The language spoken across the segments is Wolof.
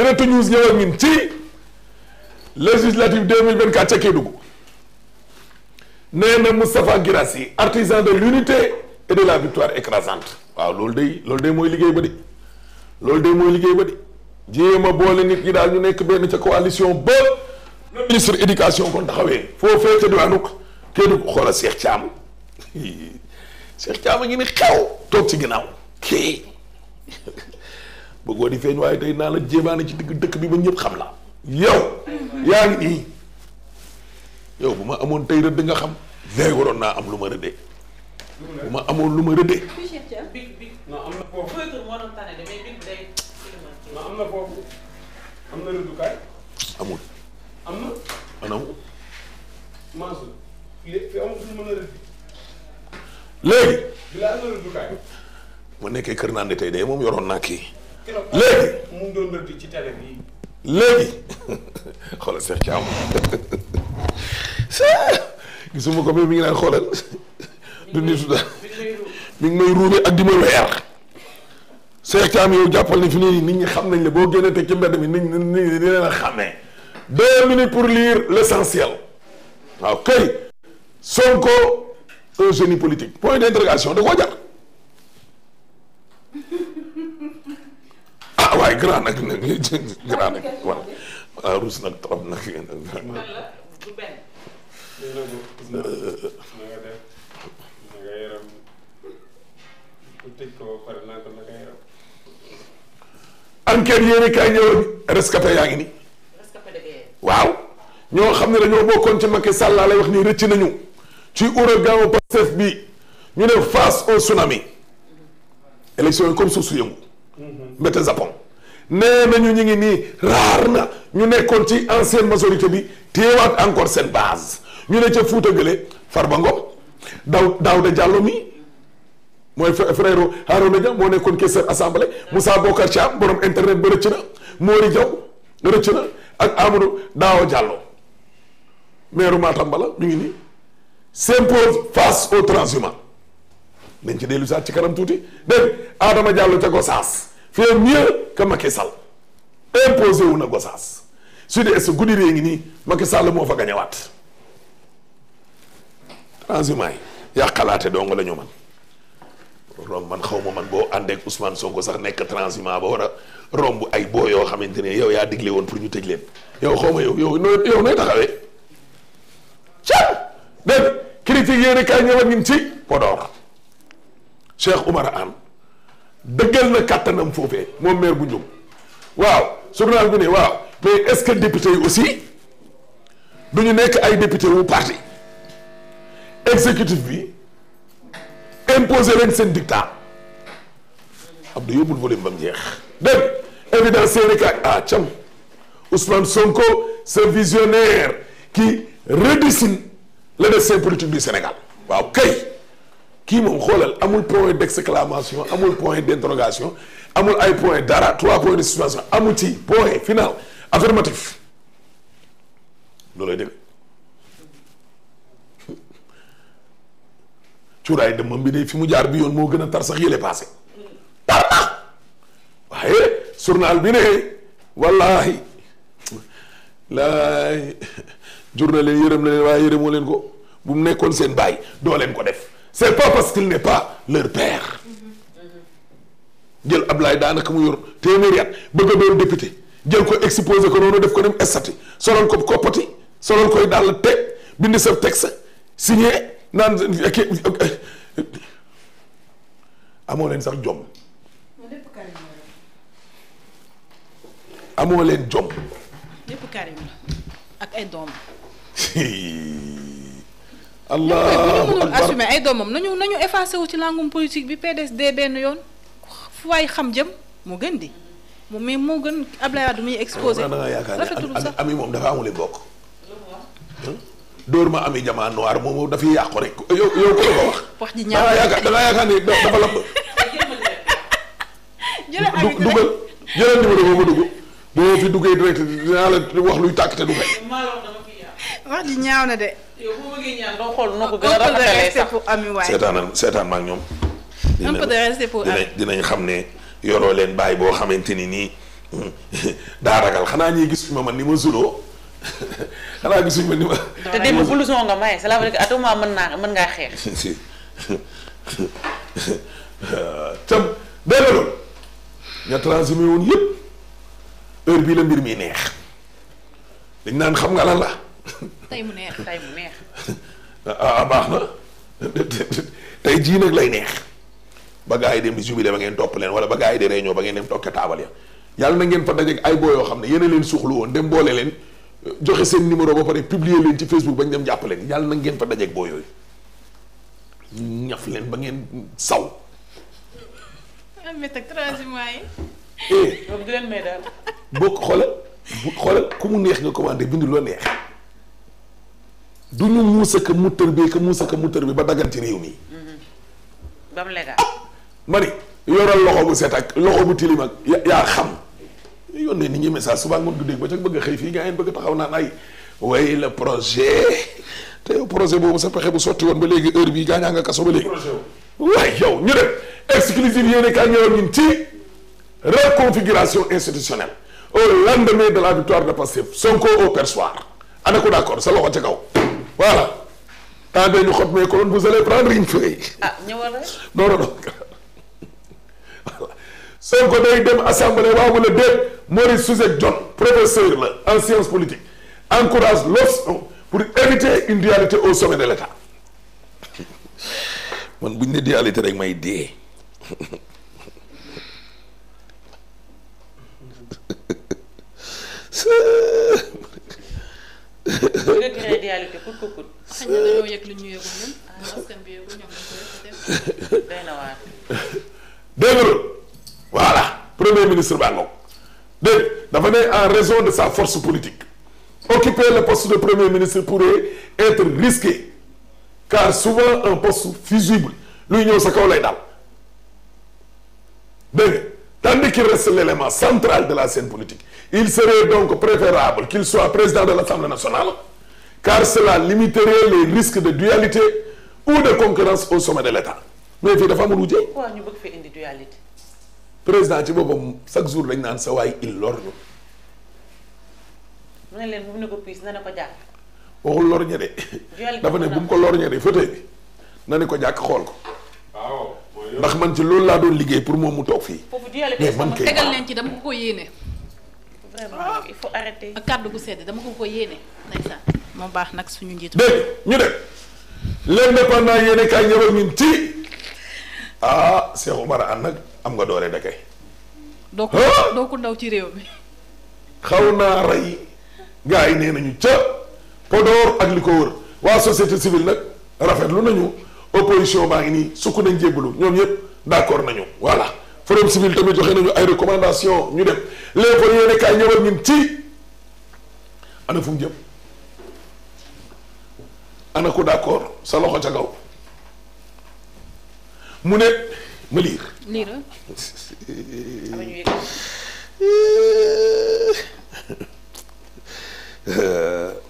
direct news ñëw ak de mil législative 2024 ca Kédougou nee na Moustapha Guirassy artisan de l'unité et de la victoire écrasante waaw loolu day loolu de mooy liggéey ba di loolu day mooy liggéey ba di a boole nit ñi daal ñu nekk benn ca coalition ba le ministre éducation kon taxawee foofee ca diwaanu Kédougou xoola Cheikh Thiam Cheikh Thiam a ngi ni xew toog ci ginnaaw bëggoo di feeñ waaye tey naa la jéemaane ci digg dëkk bi ba ñëpp xam la yow yaa ngi nii yow bu ma amoon tey rëdd nga xam léegi naa am lu ma rëddee bu ma amoon lu ma rëddee na maanaam léegi ma nekkee kër naa ne tey de moom yoroon naa kii léegi mu ngi doon rëdd ci télé bi léegi xoolal Cheikh Thiam gisuma ko mais mi ngi naan xoolal du nitu da mi ngi may ruube ak di ma weer Cheikh Thiam yow jàppal ne fi nii nit ñi xam nañ la boo génnee teg ci mbedd mi nit ñi dina la xàmmee deux minutes pour lire l'essentiel waaw kay Sonko un génie politique point d'interrogation da koo jar waaye grand nag nag grand nag voilà ah, nag trop nag. kay ñëw rescapé yaa ngi ni waaw ñoo xam ne dañoo bokkoon ci Macky Sall lay wax nii rëcc nañu ci ouragan Pastef bi ñu ne face au tsunami mm-hmm. élection yi comme suuf su yëngu Japon mm-hmm. nee nañu ñu ngi nii raar na ñu nekkoon ci ancienne majorité bi téewaat encore seen base ñu ne ca Fuuta gële ba Ngom daw Daouda Diallo mi mooy frère Harouna Dia moo nekkoon questeur assemblée Moussa Bokar Thiam borom internet ba rëcc na Mori Diaw rëcc na ak Amadou Daawa Diallo maire Matam bala ñu ngi nii s'impose face au transhumant nañ ci dellu saat ci kanam tuuti dégg Adama Diallo ca Gossas fait mieux que Macky Sall imposé wu na Gossas su dee sa guddi réew ngi nii Macky Sall moo fa gañewaat transhumance yi yàqalaate dong la ñu man romb man xaw ma man boo àndee ak Ousmane Sonko sax nekk transhumant ba war a romb ay boo yoo xamante ne yow yaa digle woon pour ñu tëj leen yow xaw ma yow yow nooy yow nooy taxawee caa dégg critique yéen a kaay ñëwaat ñu ngi ci Podor Cheikh Oumar Anne dëggal na kàttanam foofee moom maire bu ñum waaw journal bi ne waaw mais est-ce que député yi aussi du nekk ay député wu parti exécutif bi imposé leen seen dictat Abdou yóbbul volume ba mu jeex dégg évidence seeni ka ah cam Ousmane Sonko ce visionnaire qui redessine le destin politique du Sénégal waaw kay kii moom xoolal amul point d'exclamation amul point d'interrogation amul ay point dara trois points de suspension amul ci point final affirmatif loolay deme cuuraay dëmmam bi de fi mu jaar bi yoon moo gën a tar sax yële passé tar na waaye journal bi ne wallahi laay jur na leen yërëm na leen waaye yërëmoo leen ko bu mu nekkoon seen bàyyi doo leen ko def c'est pas parce qu'il n'est pas leur père jël Ablaye daanaka mu yor téeméeri at bëgg a doon député jël ko exposé ko noonu def ko dem estati solol ko koppati solol koy daal te bind sa texte signé amoo leen sax jom amoo leen jom lépp allah bu ñu mënul assumer ay doomam nañu nañu effacé wu ci langum politique bi PDS dee benn yoon fu waay xam jëm mu gën di mu mais moo gën Ablaye Wade muy exposé. rafetul sax ami moom dafa amul bokk. dóor ma ami jamaa noir moom dafay yàqu rek yow ko wax. wax ji ñaaw da ngaa yaakaar ne dafa lamb. jërëjëf Aliou du dugal jërëjëf numéro boobu boo fi duggee direct dinaa la wax luy tàkk te du fay. wax ah, ji ñaaw na de. yow bu seetaan ma ñoom. dinañ xam ne yoroo leen bàyyi boo xamante ni nii daa ragal xanaa ñuy gis ma man ni ma zuloo xanaa gisuñ ma ni ma. te démb blouson nga maye cela veut dire que à tout moment mën naa mën ngaa xeex. si tam dégg nga loolu ña transhumé woon yëpp heure bii la mbir mi neex dañ naan xam nga lan la. tey mu neex tey mu neex. Ah, ah baax na tey jii nag lay neex ba gaa yi dem di jubilé ba ngeen topp leen wala ba gaa yi di réunion ba ngeen dem toog ca taabal ya yàlla na ngeen fa dajeeg ay boo yoo xam ne yéen a leen suuxlu woon dem boole leen joxe seen numéro ba pare publier leen ci Facebook ba ñu jàpp leen yàlla na ngeen fa dajeeg boo yooyu ñaf leen ba ngeen saw. teg trois mois yi. Eh. bokk xoolal bu ku mu neex nga commandé bindu loo neex. du ñu muusa ka mu tër bi ka muusa ka mu tër bi ba daggan ci réew mi. Mm-hmm. ba mu légal. Ah! mari yoral loxo bu set ak loxo bu tilim ak yaa xam yónnee nit ñi message suba ngoon guddeeg ba ca bëgg a xëy fii gars yi bëgg taxaw naan ay way le projet te yow projet boobu sa pexe bu sotti woon ba léegi heure bii gaañaa nga kaso ba léegi. waaye yow ñu def exclusive yéen kaa ñëwoon ñun ci reconfiguration institutionnelle au lendemain de la victoire de Pastef Sonko au perchoir ana ko d'accord sa loxo ca kaw. waa tendez ñu xot mes colonnes vous allez prendre une feuille. ah ñëwal rek. non non non day dem assemblée waaw wala Maurice Suzek John professeur la en sciences politiques encourage l'option pour éviter une dualité au sommet de l'État man bu ñu ne dualité rek may dee. dëgg réalité kut ko kut. na dañoo ah, premier ministre baa ngoog dégg dafa ne en raison de sa force politique occuper le poste de premier ministre pourrait être risqué car souvent un poste fusible luy ñëw sa kaw lay daal dégg tandis qu'il reste l'élément central de la scène politique il serait donc préférable qu'il soit président de l'Assemblée nationale car cela limiterait les risques de dualité ou de concurrence au sommet de l'État mais fii dafa amul wujje waaw ñu bëgg président ci boppam chaque jour dañ naan sa waay il lor ñu mu ne leen bu mu ko piis na ne ko jàkk waxul dafa ne bu mu ko lorñe de fauteuil bi na ne ko jàkk xool ko waaw ndax man ci loolu laa doon liggéey pour moom mu toog fii. mais man kay tegal leen ci dama ko ko yéene. vraiment ah. il faut arrêter. ak kàddu gu sedd dama ko ko yéene. ndeysaan moo baax nag suñu njiitu. dégg ñu dem l'indépendant yéene kaay ñëwal ñun ci ah Cheikh Oumar Anne nag am nga doore da doo doo ko ndaw ci réew mi. xaw naa rey gars yi nee nañu ca Podor ak li ko wër waa société civile nag rafetlu nañu. opposition baa ngi nii sukk nañ jébbalu ñoom ñëpp d'accord nañu voilà forum civil tamit joxe nañu ay recommandation ñu dem léegi kon yéen kaay ñëwal ñun ci ana fu jëm ana ko d'accord sa loxo ca kaw mu ne ma liir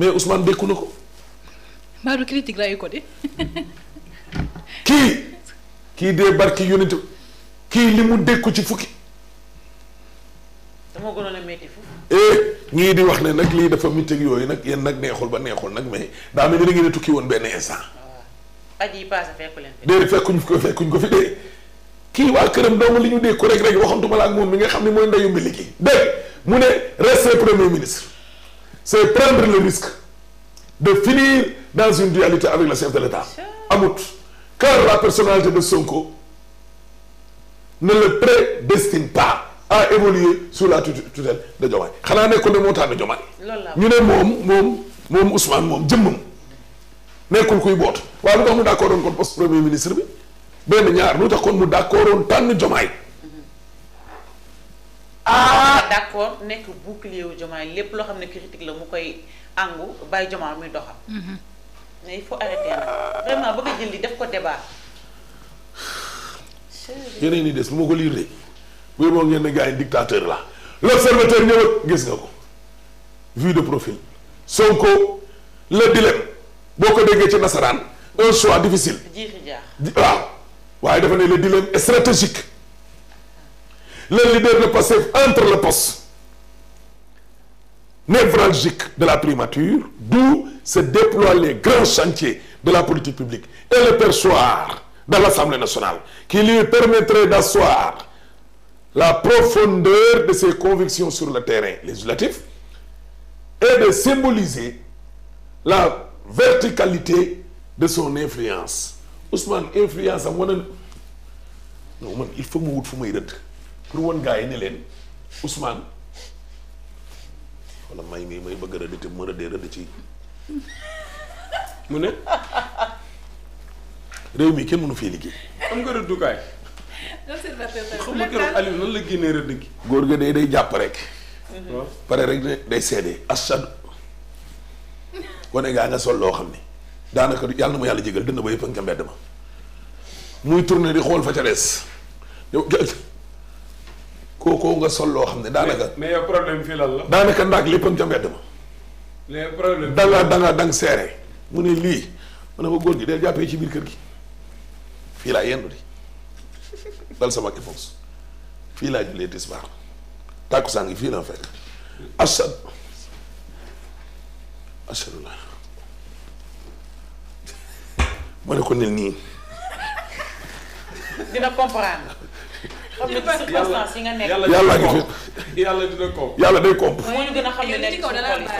mais Ousmane dékku na ko. Maodo critique lay ko de. kii kii dee barki yonent kii li mu dékku ci fukki. dama a métti fukki. Eh, ñii di wax ne nag lii dafa mitig yooyu nag yéen nag neexul ba neexul nag mais daa mel ni da ngeen tukki woon benn instant. at yii paase fekku leen fi. déedéet fekkuñ ko fekkuñ ko fi dee. kii waa këram doomu li ñu dékku rek rek waxantuma la ak moom mi nga xam ne mooy ndeyu mbili gi mu ne reste premier ministre. c'est prendre le risque de finir dans une dualité avec le chef de l'État amut car la personnalité de Sonko ne le prédestine pas à évoluer sous la tutelle de Diomaye xanaa nekkoon ne moo tax na Diomaye ñu ne moom moom moom Ousmane moom jëmmam nekkul kuy boot waaye lu tax mu d'accord oon kon poste premier ministre bi benn ñaar lu tax kon mu d'accord oon tànn Diomaye ah d' accord nekk bouclier wu Diomaye lépp loo xam ne critique la mu koy àngu bàyyi Diomaye muy doxal. Mhm. mais il faut nag vraiment bëgg jël li def ko débat. yeneen yi des bu ma ko lire de bu moom ngeen ne gars yi dictateur la l'observateur ñëwat gis nga ko vue de Sonko le dilemme boo ko déggee ci nasaraan un choix difficile. waaye dafa ne le dilemme stratégique. le leader de Pastef entre le poste névralgique de la primature d'où se déploient les grands chantiers de la politique publique et le perchoir de l'Assemblée nationale qui lui permettrait d'asseoir la profondeur de ses convictions sur le terrain législatif et de symboliser la verticalité de son influence Ousmane influence am wane non il faut mu wut may rëdd pour won gars yi ne leen Ousmane wala may mii may bëgg a rëdd te mu rëddee rëdd ci mu ne réew mi kenn mënu fee liggéey. am nga rëddukaay. xam nga keroog Aliou nan la génnee rëdd gi. góor ga day day jàpp rek. pare rek ne day seede asadu. gone gaa nga sol loo xam ne daanaka yàlla na ma yàlla jégal dënn ba yëpp nga mbedd ma muy di xool ca des. kookoo nga sol loo xam ne daanaka. mais problème fii la. daanaka ndax léppam ca mbedd ma. mais problème da nga da nga seere mu ne lii mu ne ma góor gi del jàppee ci biir kër gi fii laa yendu di dal sama kifoos fii laa jullee tisbaar tàkkusaan gi fii laa fekk asad asadullah ma ne ko ne nii. yàlla ngi fi yàlla dina koom yàlla day koom. moo ñu gën a xam ne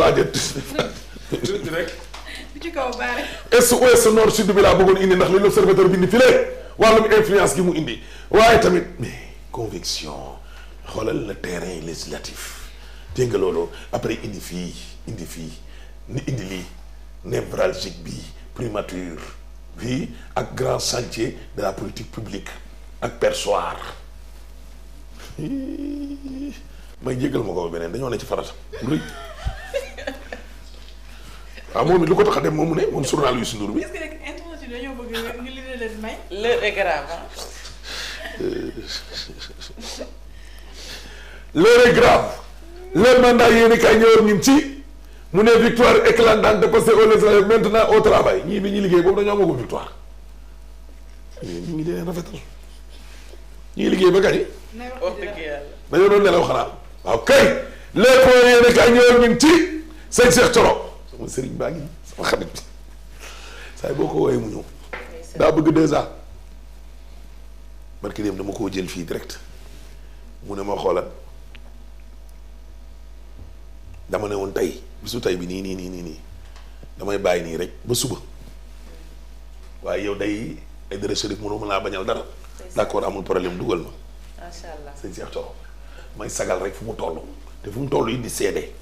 a tuuti rek. ci kaw baare. est ouest nord sud bi laa bëggoon indi ndax li l'observateur bi indi file wàllum influence gi mu indi waaye tamit mais conviction xoolal le terrain législatif dégg nga loolu après indi fii indi fii ni indi lii névralgique bi primature bi ak grand chantier de la politique publique. ak perchoir may jégal ma ko beneen dañoo ne ci farata lu waaw ah, moom it lu ko tax a moom mu ne moom journal Youssou Ndour bi. est-ce que rek internet yi dañoo bëgg nga li leen may. l'heure est grave l'heure est grave le mandat yéen kay ñëwoon ñun ci mu ne victoire éclatante de Pastef aux législatives maintenant au travail ñii bi ñu liggéey boobu dañoo amagum victoire ñu ngi leen rafetal. ñu ngi liggéey ba gani. wax dëgg yàlla. dañoo nelaw xanaa. waaw kay les points yéen a kaay ñëw ñun ci sëñ Cheikh Thioro sama sëriñ baa ngi sama xarit bi boo ko wooyee mu ñëw. daa bëgg deux ans barki dem dama koo jël fii direct mu ne ma xoolal dama ne woon tey bisu tey bi nii nii nii nii damay bàyyi nii rek ba suba waaye yow day ay dara sërif mënoo mën laa bañal dara. d' amul problème dugal ma. macha allah sëñ may sagal rek fu mu toll te fu mu toll it di seede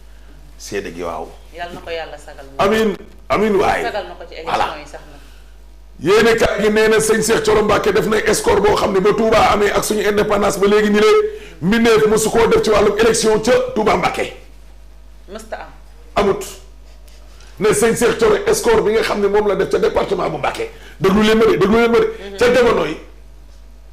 seede gi waaw. yàlla na ko yàlla sagal. amiin amiin waay sagal na ko ci élection yi sax na. yéene kat gi nee na sëñ Cheikh Thioro def na escort boo xam ne ba Touba amee ak suñu indépendance ba léegi ñu ne mbindeef mosu koo def ci wàllum élection ca Touba Mbacké. mësta am. amut ne sëñ Cheikh Thioro escort bi nga xam ne moom la def ca département bu Mbacké déglu leen ma de déglu leen ma de mhm. ca jamono yi.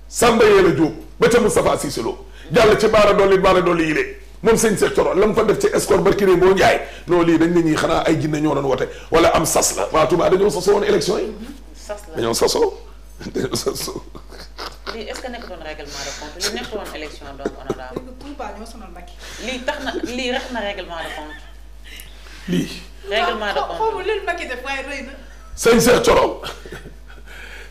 Samba Yéla Diop ba ca Moustapha Cissé Lo jàll ci Baara Dolli Baara Dolli yi lee moom sëñ Seck Coro la mu fa def ci escort barki boo Ndiaye non lii dañ ne ñuy xanaa ay jinne ñoo doon wote wala am sas la waa Touba dañoo sasoo woon élection yi. sas la dañoo sasoo dañoo doon règlement li nekk doon élection donc honorable. Touba ñoo sonal Macky. lii tax na lii rax de compte. lii. règlement de compte xaw ma leen Macky Coro.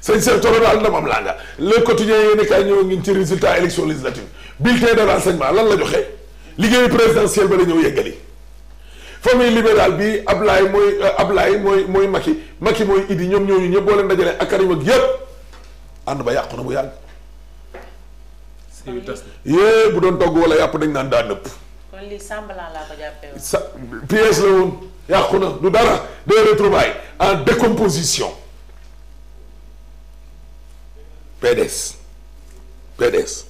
sëñ Cheikh Thioro daal ndamam laa nga le quotidien yéen kay ñëw ngeen ci résultat élection législative bulletin de renseignement lan la joxe liggéeyu présidentiel ba la ñëw yeggali famille libérale bi Ablaye mooy euh, Ablaye mooy mooy Macky Macky mooy Idi ñoom ñooñu ñëpp boo leen dajale ak Karim yëpp ànd ba yàqu na bu yàgg. yée bu doon togg wala yàpp dañ naan daa nëpp. kon lii sàmbalaan laa ko sa pièce la woon yàqu na du dara des retrouvailles en décomposition. PDS PDS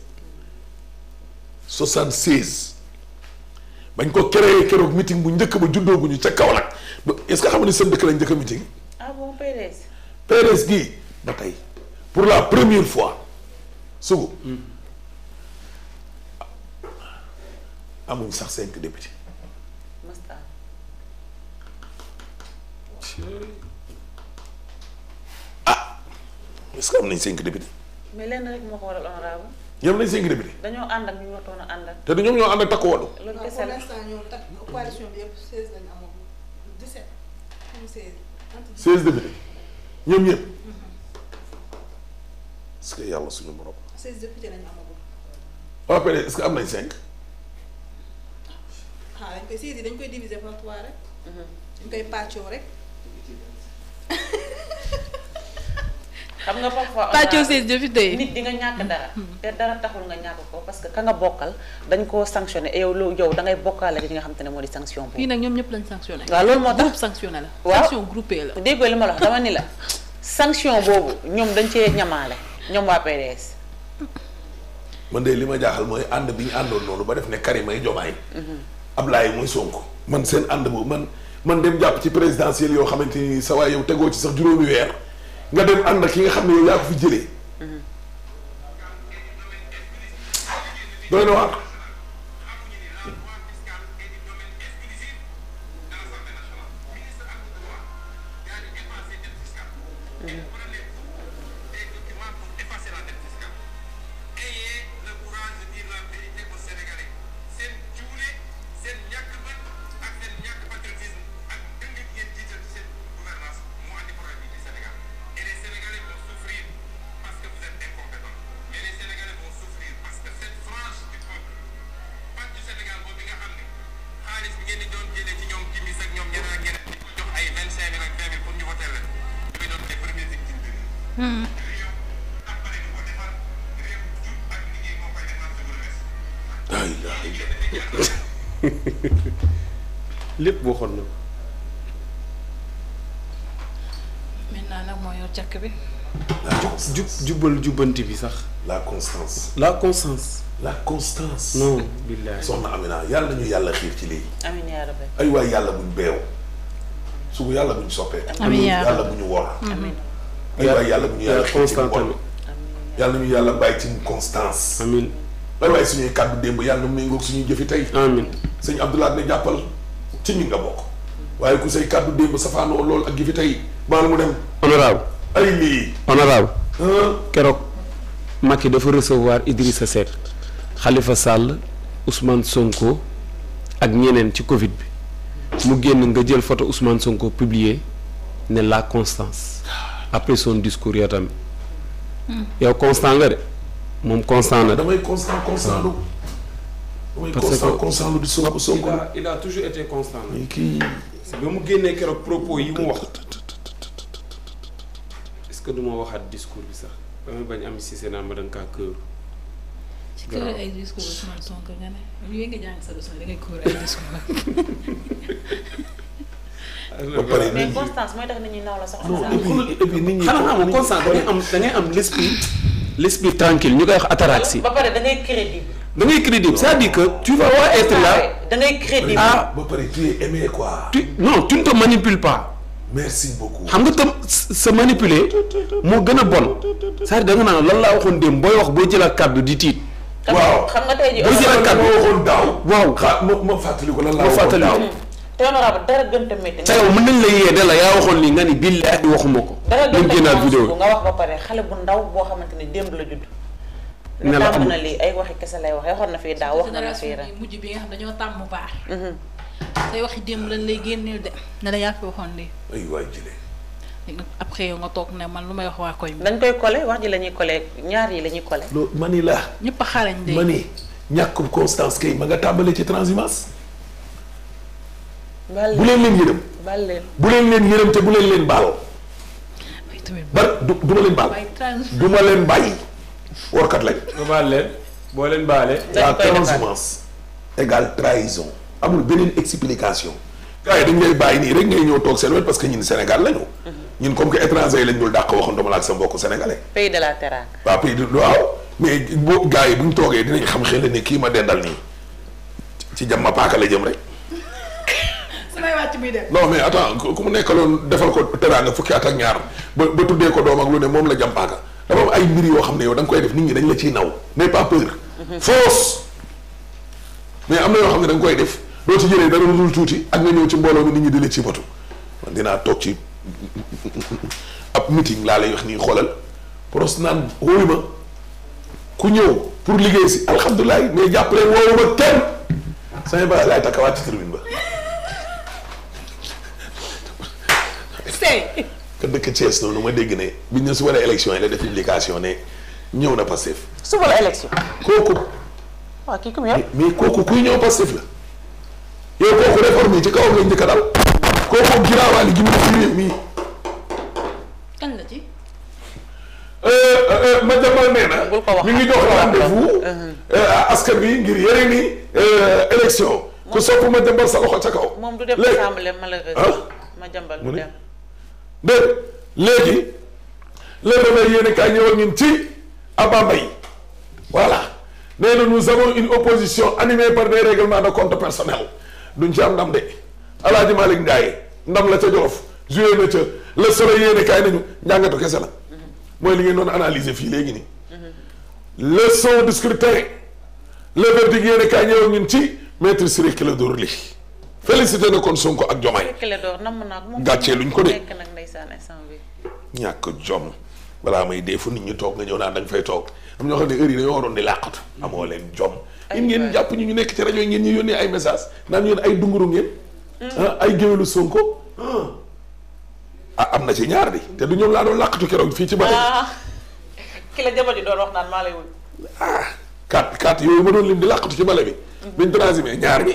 76 bañ ko créé keroog meeting bu njëkk ba juddooguñu ca kaw Kaolack est-ce que xam ne seen dëkk lañ njëkk a meeting. ah bon PDS. pour la première fois sugu. Hmm. amuñ cinq députés. ah est-ce que am nañ cinq députés. mais lenn rek moo ko waral honorable. ñoom lañ cinq député. dañoo ànd ak ñu waxtoon a ànd ak. te ñoom ñoo ànd ak takku wàllu. loolu kese la ñoom takk coalition bi yëpp seize lañu amoon seize député ñoom ñëpp. Mm-hmm. est-ce que yàlla suñu borom. seize député lañu amagul. waa PDS est-ce que am nañ cinq. ah dañ koy seize dañ koy diviser par trois rek. Mm-hmm. dañ koy pàccoo rek. xam nga parfois tàccoo ses députés nit di nga ñàkk dara te dara taxul nga ñàkk ko parce que ka nga bokkal dañ koo sanctionné et yow loolu yow da ngay bokkaale li nga xam te ne moo di sanction boobu fii nag ñoom ñëpp lañ sanctionné waaw loolu moo tax groupe sanctionné la waaw sanction groupée la déggoo ma la dama ni la sanction boobu ñoom dañ cee ñamaale ñoom waa PDS man de li ma jaaxal mooy ànd bi ñu àndoon noonu ba def ne Karim ay Jomaay mhm. laay mooy sonk man seen ànd boobu man man dem jàpp ci présidentielle yoo xamante ni sa waay yow tegoo ci sax juróomi weer nga dem ànd ak ki nga xam ne yow yaa ko fi jëlee mhm. doy na waar lépp waxoon na ko. maintenant nag moo yor càkk bi. jub jubal jubbanti bi sax. la constance. la constance. la constance. non billaay soxna Amina yàlla ñu yàlla xiir ci lii. amiin yaa rabbi. ay waay yàlla buñ beew. su yàlla buñ soppee. amiin yàlla buñu wor. amiin. aywaay yàlla bu ñu yàlla yàlla ñu yàlla bàyyi ci constance amiin bay waaye suñuy kàddu démb yàlla na méngoog suñuy jëfi tey amiin sëñ Abdoulaye ne jàppal ci ñi nga bokk waaye ku say kàddu démb safaanoo lool ak jëfi tey baal mu dem honorable ay lii honorable keroog Macky dafa recevoir Idrissa Seck Khalifa sàll Ousmane Sonko ak ñeneen ci Covid bi mu génn nga jël photo Ousmane Sonko publier ne la constance après son discours yow tamit. yow constant nga de moom constant na. damay constant constant lu. damay constant constant lu di a toujours été constant. kii. mu génnee keroog yi mu wax. ce que du ma waxaat damay bañ am si ma da kër ay discours Ousmane Sonko ba pare mais constance mooy tax nit ñi naaw la sax. am constance da ngay am da ngay tranquille ñu koy wax ataraxie. ba pare da ngay crédible. da ngay crédible c'est-à-dire que tu vas être là. da ngay crédible ah. ba pare tu es aimé quoi. tu non tu ne te manipules pas. xam nga tam sa manipuler moo gën a bon c'est-à-dire da nga naan lan laa waxoon démb booy wax boo jëlaat kàddu di tiit. waaw xam nga tey jii boo jëlaat kàddu waxoon daaw. waaw ma ma fàttali ko lan laa waxoon daaw hmm. te honorable dara gën a métti. sa yow mën nañ la yee de la yaa waxoon ni nga ni billaahi waxuma ko. dara gën nga wax ba pare xale bu boo xamante ni démb la judd. ne la tàmm na lii ay waxi kese lay wax waxoon na fii daaw wax na fii ren mujj bi nga xam dañoo tàmm baax. Mhm. say waxi démb lan lay la yaa fi waxoon lii. ay waay jëlee. léegi nag après toog ne man lu may wax waa koy. dañ koy kole wax ji la ñuy ñaar yi la ñuy collé. loo mani la. ñëpp a xarañ de. mani ñàkkum constance kay ma nga tàmbalee ci transhumance bu leen leen yërëm bu leen leen yërëm te bu leen leen baal bar du ma leen baal du ma leen bàyyi warkat lañ nga baal leen boo leen baalee la transhumance égale trahison amul beneen explication gars yi dañ lay bàyyi nii rek ngay ñëw toog seen parce que ñun Sénégal lañu mhm. ñun comme que étranger yi lañ dul dàq waxandoo ma ak sa mbokk sénégalais. pays de la Teranga. waaw pays waaw mais boo gars yi bu ñu toogee dinañ xam xel ne kii ma dendal nii ci jàmm paaka ngay wàcc muy dem. non mais attends ku mu nekkaloon defal ko teraanga fukki at ak ñaar ba ba tuddee ko doom ak lu ne moom la jàmpaaka dafa am ay mbir yoo xam ne yow da koy def nit ñi dañ la ciy naw n'aie pas peur. Mhm. mais am na yoo xam ne da koy def doo ci jëlee dara lu tuuti ak nga ñëw ci mbooloo mi nit ñi di la ci batu man dinaa toog ci ab meeting laa lay wax nii xoolal pros naan wóolu ma ku ñëw pour liggéey si alhamdulilah mais jàppale woowu ma kenn sama baa laay takkawaat ci tribune ba. seey. ka dëkk Thiès noonu ma dégg ne bi ñu ne suba la élection yi la def publication ne ñëw na Pastef. suba la élection. kooku. waaw kii ñëw Pastef la. yow kooku réforme yi ci kawam lañ njëkk a dal. kooku giraawaali gi mu ci réew mi euh, euh, euh, ngi jox rendez-vous. Uh-huh. askan bi ngir yëre ni élection. ku sopp ma jambal sa loxo ca kaw. dégg léegi le réveil yéen kaay ñëw ak ñun ci Abba Mbaye voilà nee na nous avons une opposition animée par des règlements de compte personnel duñ ci am ndam de El Hadj Malick ndam la ca Jolof joué na ca le soleil yéen kaay nañu njàngatu kese la mooy li ngeen doon analyser fii léegi nii le son du scrutin le verdict yéen kaay ñëw ak ñun ci maître Ciré Clédor Ly félicité na kon Sonko ak Diomaye gàccee luñ ko de. ndeysaan instant bi ñàkk jom balaa may dee fu nit ñi toog nga ñëw naan da fay toog am ñoo xam ne heure yi dañoo waroon di làqatu amoo leen jom in ngeen jàpp ñu ñu nekk ci rajo yi ngeen ñu yónnee ay message naan yéen ay dunguru ngeen mm. ah, ay géwélu Sonko ah am na ci ñaar bi te du ñoom laa doon làqatu keroog fii ci bari ah. ki la jabar ji doon wax naan maa lay wut ah kat kat yooyu ma doon lim di làqatu ci bale bi mm. biñ transime ñaar bi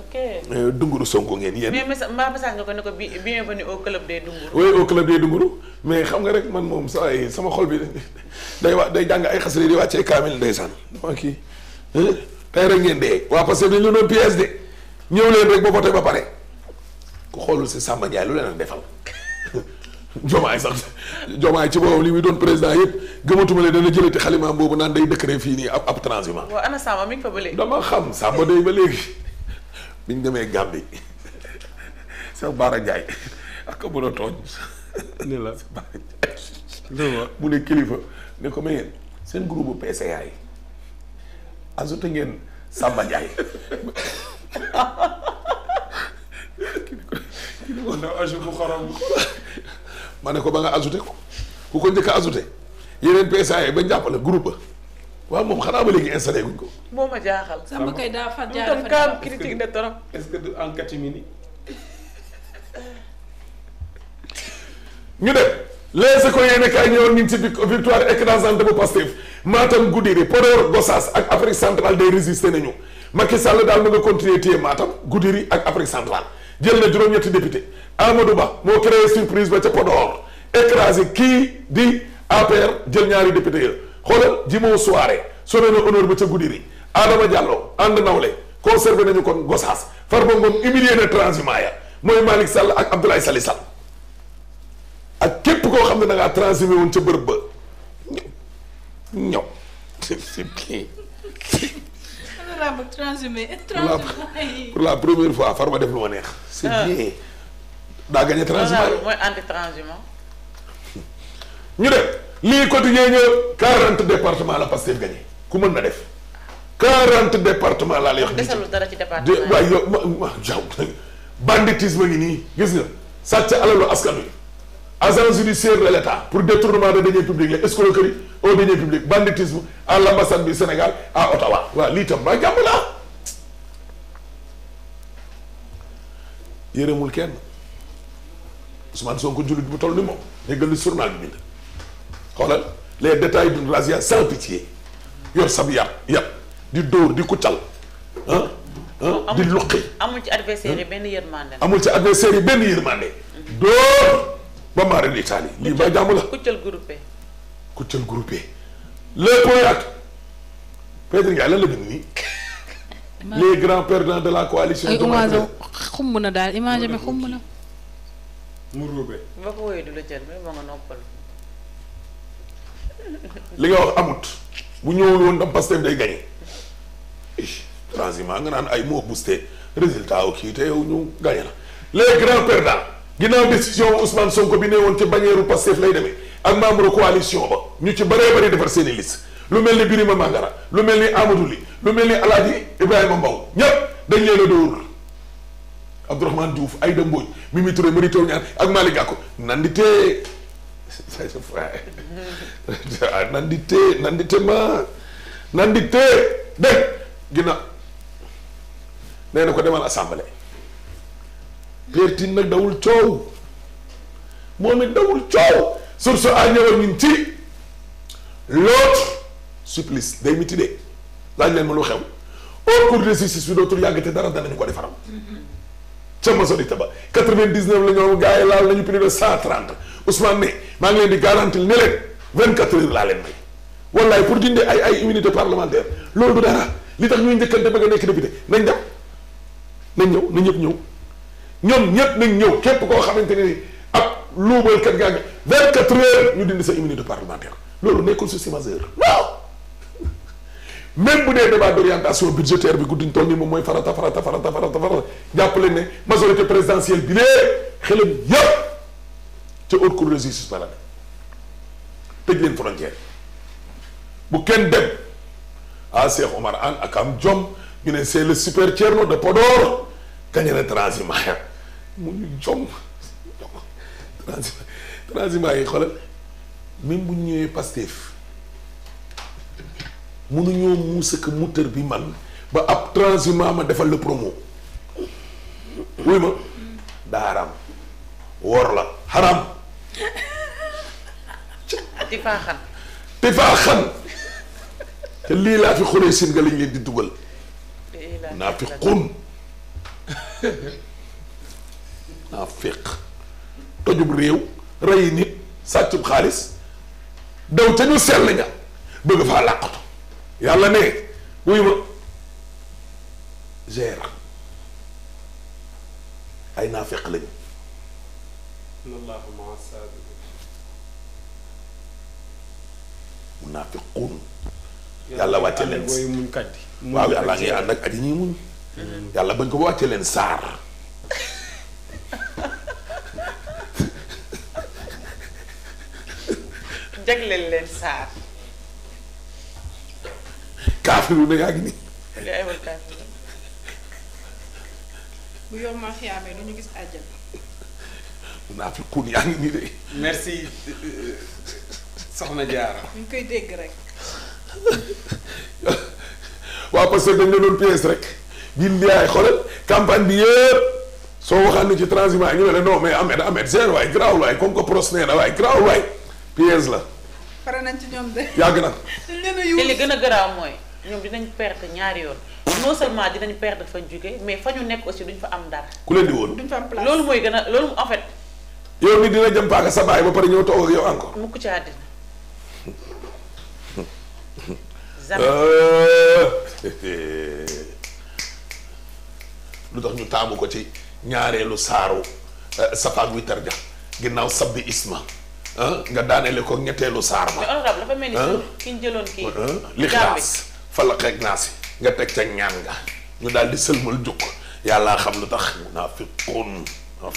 ok eh, dunguru Sonko ngeen yéen. mais mbaa message nga ko ne ko bienvenue au club des dunguru. oui au club des dunguru mais xam nga rek man moom saa yi sama xol bi day wa day jàng ay xasari di wàccee kaamil ndeysaan dama kii eh, tey rek ngeen dee waa parce que dañu doon pièce de ñëw leen rek ba ba pare ku xoolul si Samba Ndiaye lu leen defal. jomaay sax ci boppam li muy doon président yëpp gëmatuma ne dana jëlati xalimaam boobu naan day décret fii nii ab ab transhumant. waaw ana Samba mi ngi fa ba léegi. dama xam Samba day ba léegi. bi demee Gambie Cheikh Bara Ndiaye ak ko a tooñ. mu ne kilifa ne ko mais seen groupe PCA yi azote ngeen Samba Ndiaye. ma ne ko ba nga azote ko ku ko njëkk a yeneen PCA yi ba jàppale groupe waaw moom xanaa ba léegi installé guñ ko. moo ma jaaxal. Samba kay daa far jaaree fa kaam critique de trop. est-ce que du en ñu dem les écoles yéen kaay ñëwoon ñu ngi ci victoire écrasante bu Pastef Matam Goudiri Podor Gossas ak Afrique centrale day résister nañu Macky Sall daal mu nga continuer téye Matam Goudiri ak Afrique centrale jël na juróom-ñetti député Amadou Ba moo créé surprise ba ca Podor écrasé kii di APR jël ñaari député ya. xoolal Jimo Souare sone na honneur ba ca Goudiri Adama Diallo ànd nawle conservé nañu kon Gossas Farba Ngom humilié na transhumant ya mooy Malick Sall ak Abdoulaye Sall Sall ak képp koo xam ne da ngaa transhumé woon ca bërëb ba ñëw ñëw. pour la première fois neex. c'est ah. mooy anti transhumant ñu dem. lii quotidien ñëw quarante département la Pastef gagné ku mën na def quarante département laa lay wax. desalul dara ci département yi waaye yow ma ma jaww banditisme ngi nii gis nga sàcc alalu askan wi agent judiciaire de l' état pour détournement de deniers publics la escroquerie aux deniers publics banditisme à l' ambassade du Sénégal à Ottawa waaw lii tam maa jàmm laa yërëmul kenn Ousmane Sonko jullit bu toll ni moom déggal li journal bi bind xoolal les détails d'une razzia sans pitié yor sab yàpp yàpp di dóor di kuccal di luqi amul ci adversaire yi benn yërmande amul ci adversaire a benn yërmande dóor ba maareen Italie lii ba jàmm la kuccal groupé kuccal groupé les poyaat Pedri Ndiaye lan la bind nii les grands perdants de la coalition image xumb daal image bi xumb na li nga wax amut bu ñëwul woon tam Pastef day gagné transiment nga naan ay moo boosté résultat wu kii te yow ñu gagné la les grands perdants ginnaaw décision Ousmane Sonko bi ne woon ci bannière Pastef lay demee ak membre coalition ba ñu ci bëree bëri defar seen i lu mel ni Birima Mangara lu mel ni Amadou Ly lu mel ni Alaaji Ibrahima Mbow ñépp dañ leen a dóor Abdourahmane Diouf Aïda Mbodj Mimi Touré Mary Teuw Niane ak Malick Gakou nanditee Sadio Faye ah nandite nandite ma nandite dégg ginnaaw nee ko demal assemblée Pierre Tine nag dawul coow moom it dawul coow source a ñëwal ñun ci l'autre supplice day miti de laaj leen ma lu xew au cours de justice bi dootul yàgg te dara danañu ko defaram ca masonite ba quatre-vingt-dix-neuf la ñoom laal nañu plus de cent Ousmane ne maa ngi leen di garantil ne leen vingt quatre heures laa leen may wallaay pour dindi ay ay immunité parlementaire loolu du dara li tax ñuy njëkkante bëgg a nekk député nañ dem nañ ñëw na ñëpp ñëw ñoom ñëpp nañ ñëw képp koo xamante ne ab luubalkat gaa nga vingt quatre heures ñu dindi sa immunité parlementaire loolu nekkul si majeur waaw même bu dee débat d'orientation budgétaire bi guddiñ toll nii moom mooy farata farata farata farata farata jàpp leen ne majorité présidentielle bi lee xelam ca haute cour de justice ba la tëj leen frontière bu kenn dem ah Cheikh Omar Anne ak am jom ñu ne c'est le super Thierno de Podor gagné na transhumance mu ñu jom transhumance transhumance yi xoolal même bu ñu ñëwee Pastef mënuñoo muus ak moteur bi man ba ab transhumance ma defal le promo wuy daaram wor la xaram di faaxan di faaxan te lii laa fi xuree sin nga lañ leen di dugal naa fi xun naa féq tojub réew reyi nit sàccub xaalis daw ca ñu sell ña bëgg faa làqatu yàlla ne wuy ma gère ay naa féq lañu inna allahu maa saabiriin munaafiquun yàlla wàcce leen si waaw yàlla ngi ànd ak aji muñ mm-hmm. yàlla bañ ko ba wàcce leen saar jagleel leen saar kaafiru na yaa ngi bu yow ma xiyaamee du ñu gis àjjana naa fi kun yaa ngi nii de. merci euh, soxna Diarra. ñu koy dégg rek. waaw parce que dañ la doon pièce rek. biñ yaay xoolal campagne bi yëpp soo waxaan ni ci transhumance ñu ne la non mais Ahmed Ahmed zéro waay graw waay comme que pros nee na waay graw pièce la. pare nañ ci ñoom de. yàgg na. te li gën a garaaw mooy ñoom dinañ perte ñaari yoon. non seulement dinañ perdre fa jóge mais fa ñu nekk aussi duñ fa am dara. ku leen di woon duñ fa loolu mooy gën a loolu en fait. yow mi dina jëm paaka sa baay ba pare ñëw toog ak yow encore. mukk ci àddina. lu tax ñu taamu ko ci ñaareelu saaru eh, safaak witar ja ginnaaw sabbi isma ah, nga daaneele ko ñetteelu saar ma dafa mel ni ah? ki ñu jëloon kii ah? naa si nga teg ca ñaan nga ñu daal di sëlmal jukk yàllaa xam lu tax munaafiqun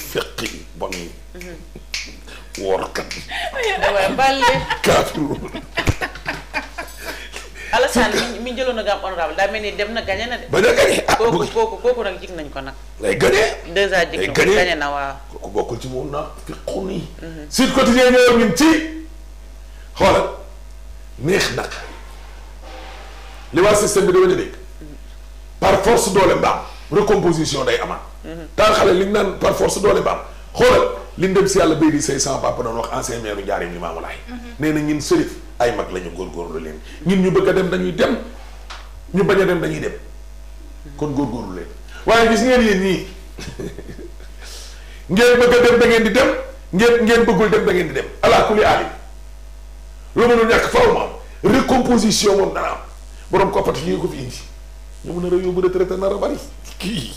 fiqi bon yi Mm-hmm. woorkat. waaw mu kaafiru. Alassane mi jëloon na gàmm honorable daa mel ni dem na gañe na de. ba na gañe ah kooku kooku nag jig nañ ko nag. day gañe. na waaw. kooku bokkul ci moom naa fi xun yi. Mm-hmm. Sud Quotidien ñëw ñun ci xoolal neex nag li waa système bi dama la dégg par force doole mbaam recomposition day amaat. Mm-hmm. taal xale naan par force doole mbaam xoolal. li ndem si yàlla bay di say sama papa doon wax ancien maire Njaaréem Limaamu Laay mhm. nee na ñun sërif ay mag la ñu góorgóorlu leen ñun ñu bëgg a dem dañuy dem ñu bañ a dem dañuy dem kon góorgóorlu leen waaye gis ngeen yéen ñii ngeen bëgg a dem da di dem ngeen ngeen bëggul dem da ngeen di dem ala kulli aali lu mënul ñàkk faaw ma am recomposition moom dana am borom koppati yi ko fi indi ñu mën a yóbbu retraite nar a bari kii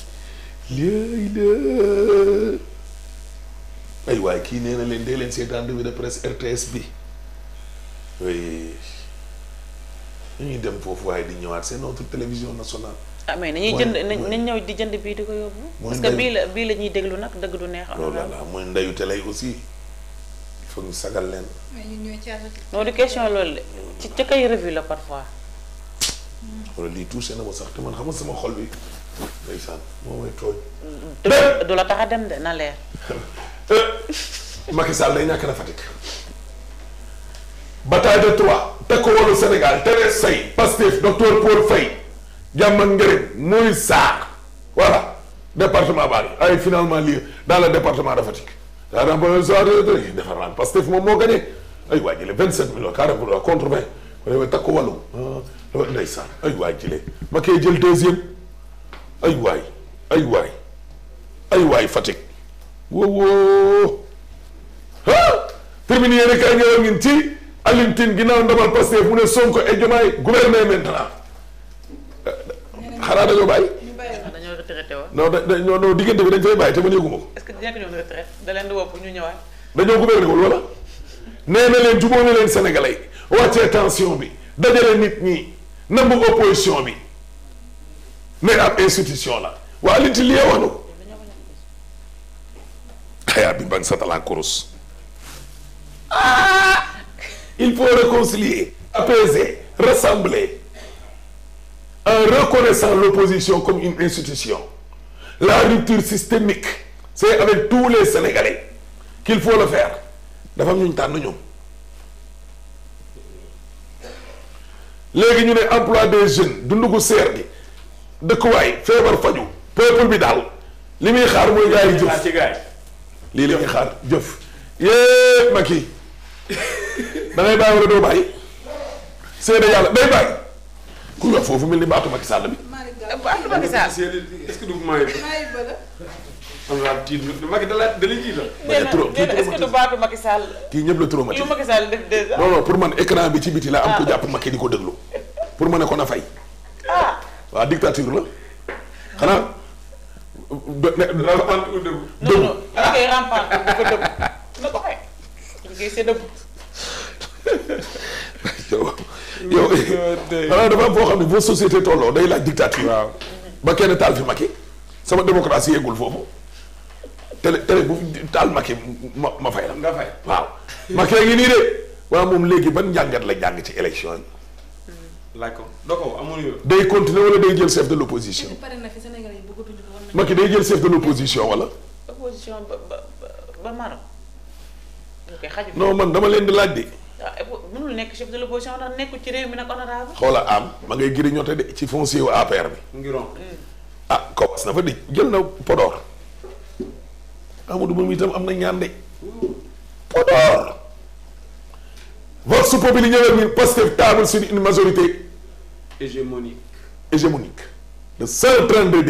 léegi la. ay waaye kii nee na leen dee leen seetaan revue de presse RTS bi ñu ñuy dem foofu waaye di ñëwaat seen notre télévision nationale. ah mais nañuy jënd nañ ñëw di jënd bii di ko yóbbu. parce que bii la bii la ñuy déglu nag dëgg du neex. loolu la mooy ndeyu télé aussi il faut ñu sagal leen. mais ñun ñoo caa la. non question loolu de ci kay revue la parfois. Mm. wala lii touché na ma sax te man xam sama xol bi ndeysaan moo may tooñ. du la tax a dem de na leer. Euh, Macky Sall day ñàkk na Fatick. bataille de Troyes Takku Wallu Sénégal Thérèse Sey Pastef docteur Paul Faye jàmm ak njëriñ Moïse Sarr voilà département Bari ay finalement lii dans le département de Fatick. daa daan ba soir defar naan Pastef moom moo gagné ay waa jële vingt sept millions quarante millions contre vingt bu demee Takku Wallu dafa ndeysaan ay waa jële ma koy jël deuxième ay waay ay waay ay waay Fatick. woowoo ah terminé yéen a kaay ñëwaat ngeen ci Alioune Tine ginnaaw ndamal Pastef mu ne Sonko et Diomaye gouverner maintenant xanaa dañoo bàyyi. dañoo retraité da non non diggante bi dañ fay bàyyi te man yëgu ma ko. est-ce que dina ñëw leen di wopp ñu ñëwaat. dañoo gouverner wul wala leen jubóo na leen sénégalais yi wàccee tension bi dajale nit ñi nangu opposition bi mais ab institution la waa Alioune li wax na ko. xayaa bi bañ satala kurus ah! il faut réconcilier apaiser rassembler en reconnaissant l'opposition comme une institution la rupture systémique c'est avec tous les Sénégalais qu'il faut le faire dafa am ñu ñu tànn ñoom léegi ñu ne emploi des jeunes dundu gu seer gi dëkkuwaay feebar faju peuple bi daal li muy xaar mooy gars yi jëf lii la ñuy xaar jëf yépp ma kii da ngay bàyyi wala doo bàyyi seede yàlla day bàyyi ku wax foofu mel ni baatu Macky Sall bi. Sall est-ce que du maay am naa tiit Macky da la da lay jiital. kii ñëpp la traumatisé lu Macky Sall def dèjà. non non pour man écran bi ci biti la am ko ah. jàpp Macky di ko déglu pour ma ne ko na fay. Ah. waa dictature la xanaa. rampante ou debout. non non da koy rampante dafa dëbb na ko foo xam ne boo société tolloo day laaj dictature. ba kenn taal fi Macky sama démocratie yeggul foofu. télé télé bu taal Macky ma ma fay la. nga waaw. Macky ngi nii de waaw moom léegi ban njàngat la jàng ci élection day continuer day jël chef de l' Macky day jël chef de l'opposition wala. opposition ba ba ba Maroc. non man dama leen di laaj de. Ah, mënul nekk chef de l'opposition ndax nekkul ci réew mi nag honorable. xoolal am ma ngay giri ñote de ci foncier wu APR bi. ngirom mm. ah Kowas na fa di jël na Podor. Amadou moom itam am na ñaan de. Podor. vox populi ñëwee bi Pastef table sur une majorité. hégémonique. de cent trente deux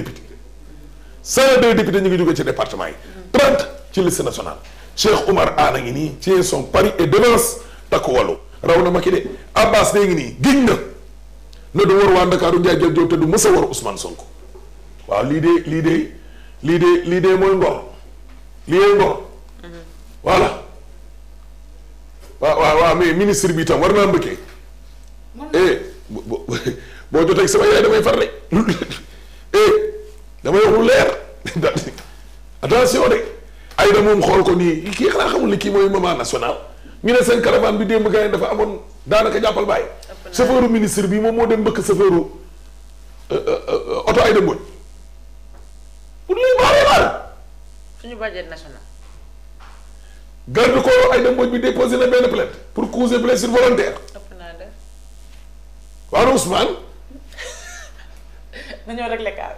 102 députés ñu ngi jógee ci département yi. 30 ci liste nationale. Cheikh Oumar Anne a ngi nii tient son pari et devance takku wàllu raw na Macky de Abbas de ngi nii giñ na ne du war waa Ndakaaru Ndiaye jël te du mës a war Ousmane Sonko waaw lii de lii de lii de lii de mooy ngor lii de ngor voilà waaw waaw waaw ministre bi tam war naa mbëkkee eh boo jotee sama yaay damay far de eh, dama wax lu leer attention de ay da moom xool ko nii kii xanaa xamul ni kii mooy moment national ñu ne seen caravane bi démb gars dafa amoon daanaka jàppal bàyyi. chauffeuru ministre bi moom moo dem mbëkk chauffeuru euh, euh, euh, oto ay dem woon pour lii baaxee baal. suñu budget national. garde corps ay dem bi déposé na benn plainte pour causer blessure volontaire. waaw Ousmane. nañoo réglé cas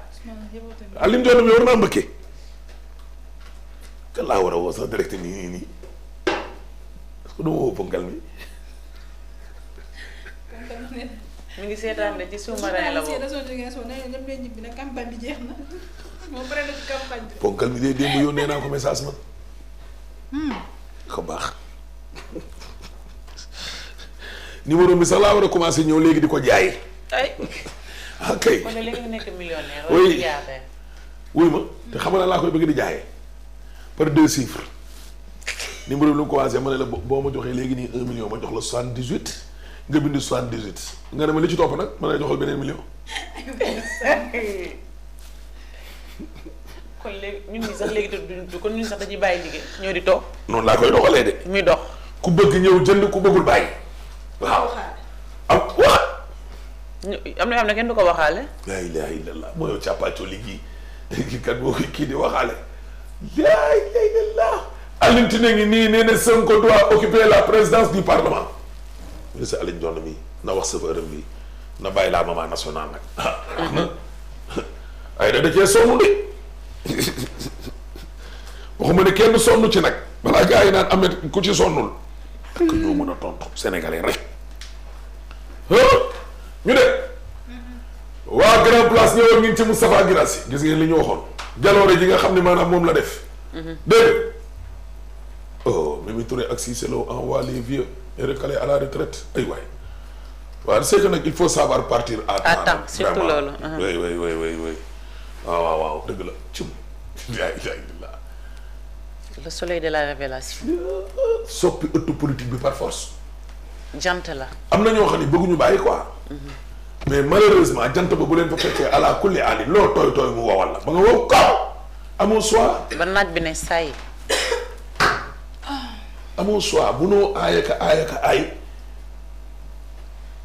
ah lim doon war naa mbëkkee kan laa war a woo sax direct nii nii nii parce que du ponkal mi. la woo bi na moom pare na ci campagne bi. ponkal mi de démb yónnee naa ko message ma. ko hmm. baax. numéro bi sax laa war a commencé ñëw léegi di ko jaay. ok kon li nga nekk millionnaire. wala milliardaire naa laa koy di jaayee par deux chiffres numéro bi lu mu ne la boo ma joxee léegi nii un million ma jox la soixante dix nga li ci topp nag ma lay joxal beneen million. kon léegi ñun ñi sax léegi du kon ñun sax dañuy bàyyi liggéey ñoo di toog. noonu laa koy doxalee de. muy dox ku bëgg ñëw jënd ku bëggul bàyyi. waaw am ah, waaw. am na yoo xam ne kenn du ko waxaale. laa ilaaha illallah mooy kii di waxaale Tine ngi nii nee na Sonko doit occuper la présidence du parlement. ministre Alioune Dione mi na wax sëfëram bi na bàyyi laa maman nationale nag. wax na ay da da cee sonn de waxuma ne kenn sonn ci nag balaa gars naan am ku ci sonnul. ak ñoo mën a tontu sénégalais rek. première place ñëwoon ngeen ci Moustapha Guirassy gis ngeen li ñu waxoon jaloore ji nga xam ne maanaam moom la def dégg oh Mimi Touré ak Cissé Lo envoie les vieux et recalés la retraite ay waay waaw c'est que faut savoir partir à temps à temps surtout loolu uh-huh. oui waaw dëgg la cim yaa ilaha soleil de la révélation soppi ëttu politique bi par force jant la am na ñoo xam ne bëgguñu bàyyi quoi mm-hmm. mais malheureusement jant ba bu leen fa fekkee ala kulli ali loo tooy tooy mu wowal la ba nga wow kaw amoo choix. ba naaj bi ne saa yi. amoo choix munoo aaya ka aaya ka aay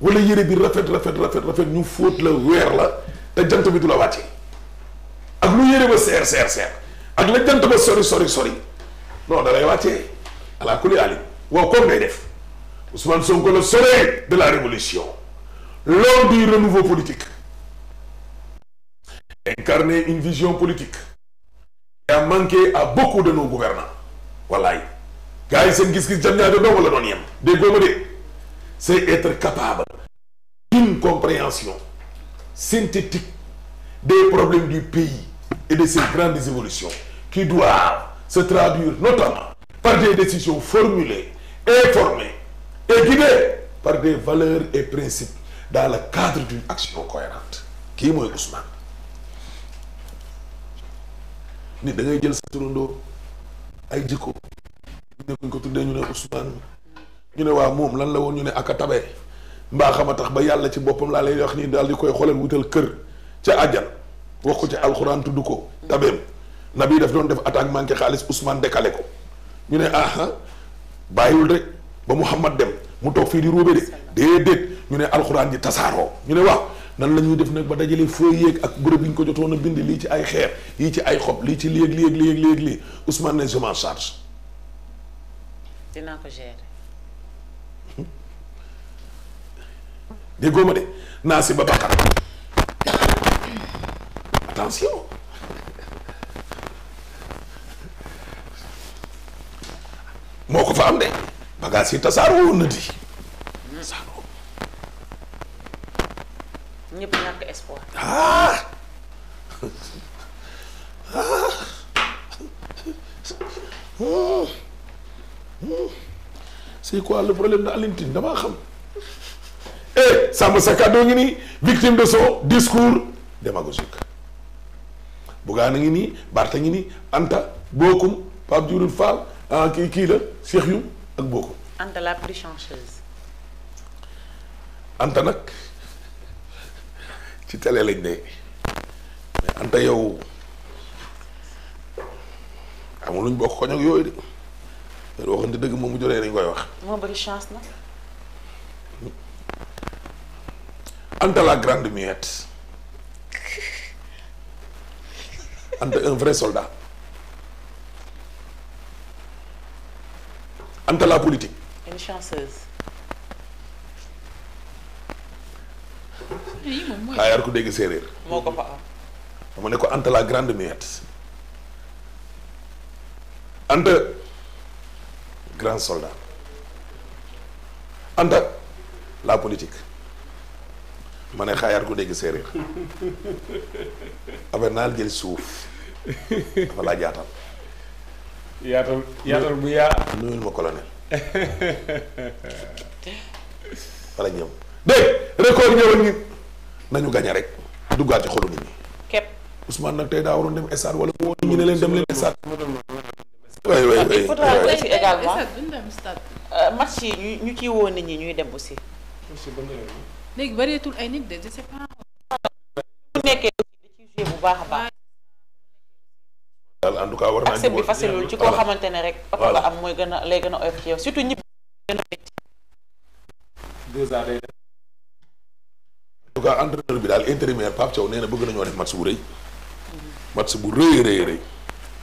wala yére bi rafet rafet rafet rafet ñu fóot la weer la te jant bi du la wàcce ak lu yére ba seer seer seer ak la jant ba sori sori sori non da lay wàccee ala kulli ali waaw comme ngay def Ousmane Sonko le soleil de la révolution lors du renouveau politique incarner une vision politique qui a à beaucoup de nos gouvernants wallaay gars yi seen gis-gis jam ñaajo dong la doon yem dégg nga ma de c'est être capable d'une compréhension synthétique des problèmes du pays et de ses grandes évolutions qui doivent se traduire notamment par des décisions formulées informées et guidées par des valeurs et principes dans le cadre d'une action cohérente kii mooy Ousmane nit da jël sa ay jikko nekkuñ ko tuddee ñu ne Ousmane ñu ne waa moom lan la woon ñu ne aka tabee mbaa a tax ba yàlla ci boppam laa lay wax nii daal di koy xoolal wutal kër ca àjjan wax ko ci alxuraan tudd ko tabeem nabi def doon def attaque manqué xaalis Ousmane décalé ko ñu ne aha ah, bàyyiwul rek ba Mouhamad dem mu toog fii di ruube de déedéet ñu ne alxuraan ji tasaaroo ñu ne waaw nan la ñuy def nag ba dajalee fooy yéeg ak bërëb yi ñu ko jotoon a bind lii ci ay xeer lii ci ay xob lii ci lii yëg lii ak lii ak lii ak lii Ousmane ne je m'en déggoo ma de naa si ba bakkan attention moo ko fa am de. bagaas yi tasaaroo woon na di. tasaaroo. ñëpp ñàkk espoir. ah ah. c'est quoi le problème de Alioune Tine damaa xam. eh Samba sa kàddoo ngi nii victime de son discours démagogique Bougane a ngi nii Barth a ngi nii Anta Bokum Pape Djibril Fall ah kii kii la Cheikh Youm. ak Boko. Anta la plus chanceuse. Anta nag ci télé lañ ne mais Anta yow amul luñ bokk koñ ak yooyu de mais waxante dëgg moom mu jotee dañ koy wax. moo chance nag. Anta la grande muette Anta un vrai soldat. anta la politique. une chanceuse. oui moom ku dégg séeréer. moo ko fa am. dama ne ko anta la grande muette. anta grand soldat. anta la politique. ma ne xaayaar ku dégg séeréer. affaire jël suuf dafa jaatal. yaatal yaatal bu yaa. nuyul ma colonel. fa la ñëw dégg record ñëwal nit nañu gañe rek duggaat ci xolu nit ñi. képp Ousmane nag tey daa waroon dem stade wala woo nit ñi ne leen dem leen stade. waay waay waay euh, match yi ñu ñu ciy woo nit ñi ñuy dem aussi. léegi bareetul ay nit de je sais pas. bu nekkee bu baax baax. daal en tout cas war naa accès bi facilul ci koo xamante ne rek oto nga am mooy gën a lay gën a oyof ci yow surtout ñi a deux ans day def bi daal intérimaire Pape Thiaw nee bëgg nañoo def match bu rëy match bu rëy rëy rëy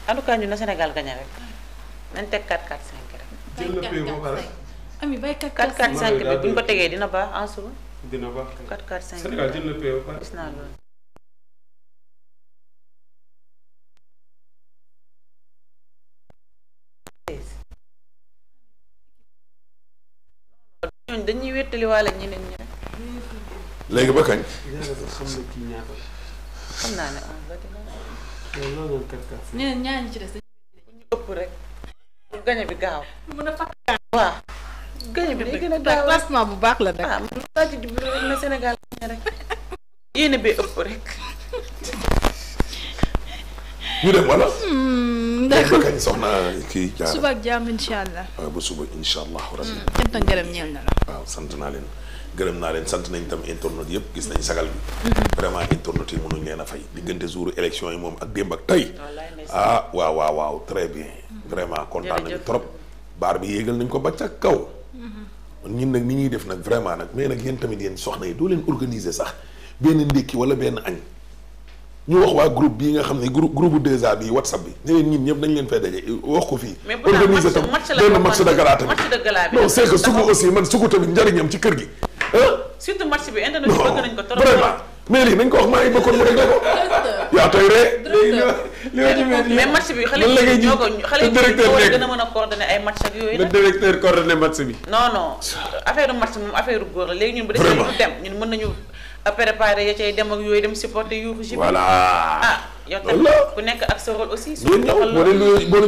en na Sénégal gagné rek nañ teg 4 4 5 rek jël na ba pare ami bay 4 4 5 bi bu ñu ko tegee dina baax en suba dina baax 4 4 5 Sénégal jël na ba pare gis naa loolu ñooñu dañuy wéttali waale ñeneen ñi rek. léegi ba kañ. xam naa ne ah, on ëpp rek. pour gañe bi gaaw. mën a fàttali waaw. gañe bi day gën bu baax la nag. waaw ah, mën naa ci rek na Sénégal ëpp rek. ñu dem wala. Hmm. d'accord kañ soxna kii jaara suba ak allah. waaw ah, ba suba incha allah rabbi. cant hmm. ak gërëm ñeel waaw sant naa leen gërëm naa leen sant nañ tam internautes yëpp gis nañ sagal bi. Hmm. vraiment internautes yi mënuñ leen a fay. diggante jour élection yi moom ak démb ak tey. ah waaw waaw waaw très bien. Hmm. vraiment kontaan nañu trop. baar bi yéegal nañ ko ba ca kaw. ñun nag ni ñuy def nag vraiment nag mais nag yéen tamit yéen soxna yi doo leen organiser sax benn ndékki wala benn añ. ñu wax waa groupe bii nga xam ne groupe groupe bu 2A bii WhatsApp bi ne leen ñun ñëpp dañ leen fay daje wax ko fii. organiser tam benn match de gala tamit non c'est que sugu aussi man sugu tamit njariñam ci kër gi surtout match bi internet bëgg nañ ko trop vraiment mais lii nañ ko wax match bi xale yi ñoo ko xale yi directeur coordonné match bi. non non match moom affaire góor la léegi ñun bu defee ñu dem ñun mën nañu. préparé ya cay dem ak yooyu dem supporté yu. voilà ah yow tamit ku nekk ak sa rôle aussi. suñu doxal la